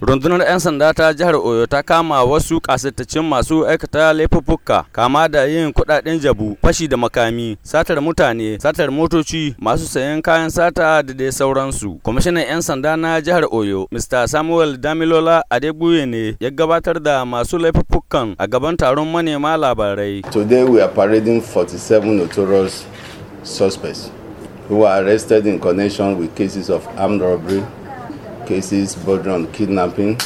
Rundunar 'yan sanda ta jihar Oyo ta kama wasu kasattacin masu aikata laifuffuka kama da yin kudaden jabu, fashi da makami, satar mutane, satar motoci, masu sayan kayan sata da dai sauransu. Kwamishinan 'yan sanda na jihar Oyo, Mr. Samuel Damilola Adebuye ne ya gabatar da masu laifuffukan a gaban taron manema labarai. Today we are parading 47 notorious suspects who were arrested in connection with cases of armed robbery cases border on kidnapping,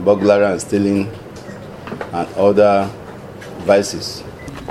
burglary and stealing, and other vices.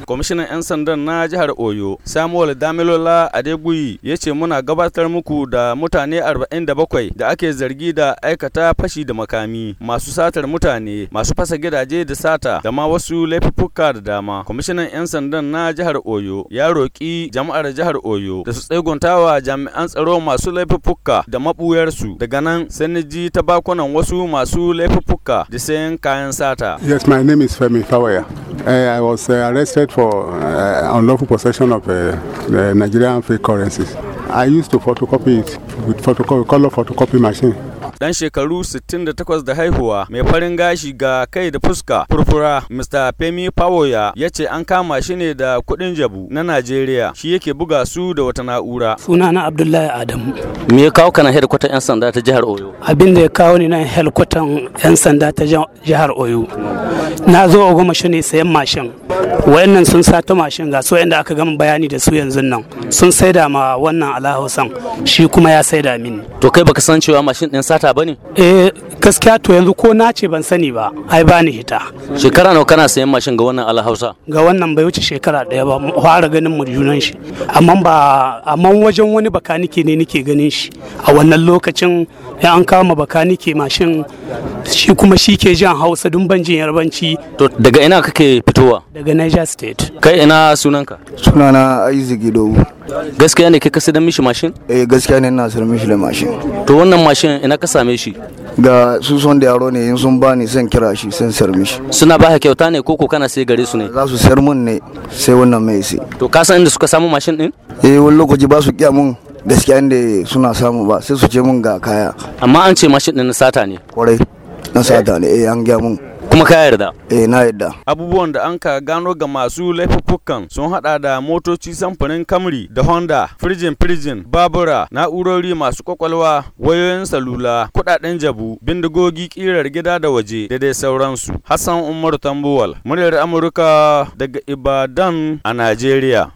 kwamishinan 'yan sandan na jihar oyo samuel damilola Adebui, ya ce muna gabatar muku da mutane 47 da ake zargi da aikata fashi da makami masu satar mutane masu fasa gidaje da sata da ma wasu laifuffuka da dama kwamishinan 'yan sandan na jihar oyo ya roƙi jama'ar jihar oyo da su wa jami'an tsaro masu laifuffuka da maɓuyarsu daga nan sai ji ta bakunan wasu masu laifuffuka da sayan kayan sata yes my name is femi fawaya Uh, I was uh, arrested for uh, unlawful possession of uh, Nigerian fake currencies. I used to photocopy it with photocopy, color photocopy machine. Dan shekaru 68 da haihuwa mai farin gashi ga kai da fuska furfura Mr. Femi Pawoya ya ce an kama shi ne da kuɗin jabu na Najeriya shi yake buga su da wata na'ura. na Abdullahi Adamu. Me ya kawo kana hedkwatan 'yan sanda ta jihar Oyo? Abin da ya kawo ni nan hedkwatan 'yan sanda ta jihar Oyo. Na zo a goma shi ne sayan mashin. Wayannan sun sato mashin ga su yanda aka gama bayani da su yanzu nan. Sun saida ma wannan ala hausan shi kuma ya saida mini to kai baka san cewa mashin din sata bane eh gaskiya to yanzu ko na ce ban sani ba ai bani hita shekara nawa kana sayan mashin ga wannan ala hausa ga wannan bai wuce shekara daya ba fara ganin mu junan shi amma ba amma wajen wani bakanike ne nake ganin shi a wannan lokacin ya an kama bakanike mashin shi kuma shi ke jan hausa dun ban jin yarbanci to daga ina kake fitowa daga niger state kai ina sunanka sunana aizigi dogo gaskiya ne kai ka sidan mishi mashin eh gaskiya ne ina sidan mishi da mashin to wannan mashin ina ka same shi ga su son da yaro ne in sun ba ni san kira shi san sayar mishi suna ba kyauta ne koko kana sai gare su ne za su sayar mun ne sai wannan mai sai to ka san inda suka samu mashin din eh wani lokaci ba su kiya mun gaskiya inda suna samu ba sai su ce mun ga kaya amma an ce mashin din sata ne kwarai na sata ne eh an gya mun kuma ka yarda eh na yarda abubuwan da an ka gano ga masu laifukan sun hada da motoci samfanin kamri da honda firjin firjin babura na'urori masu kwakwalwa wayoyin salula kudaden jabu bindigogi kirar gida da waje da dai sauransu hassan umaru tambuwal muryar amurka daga ibadan a najeriya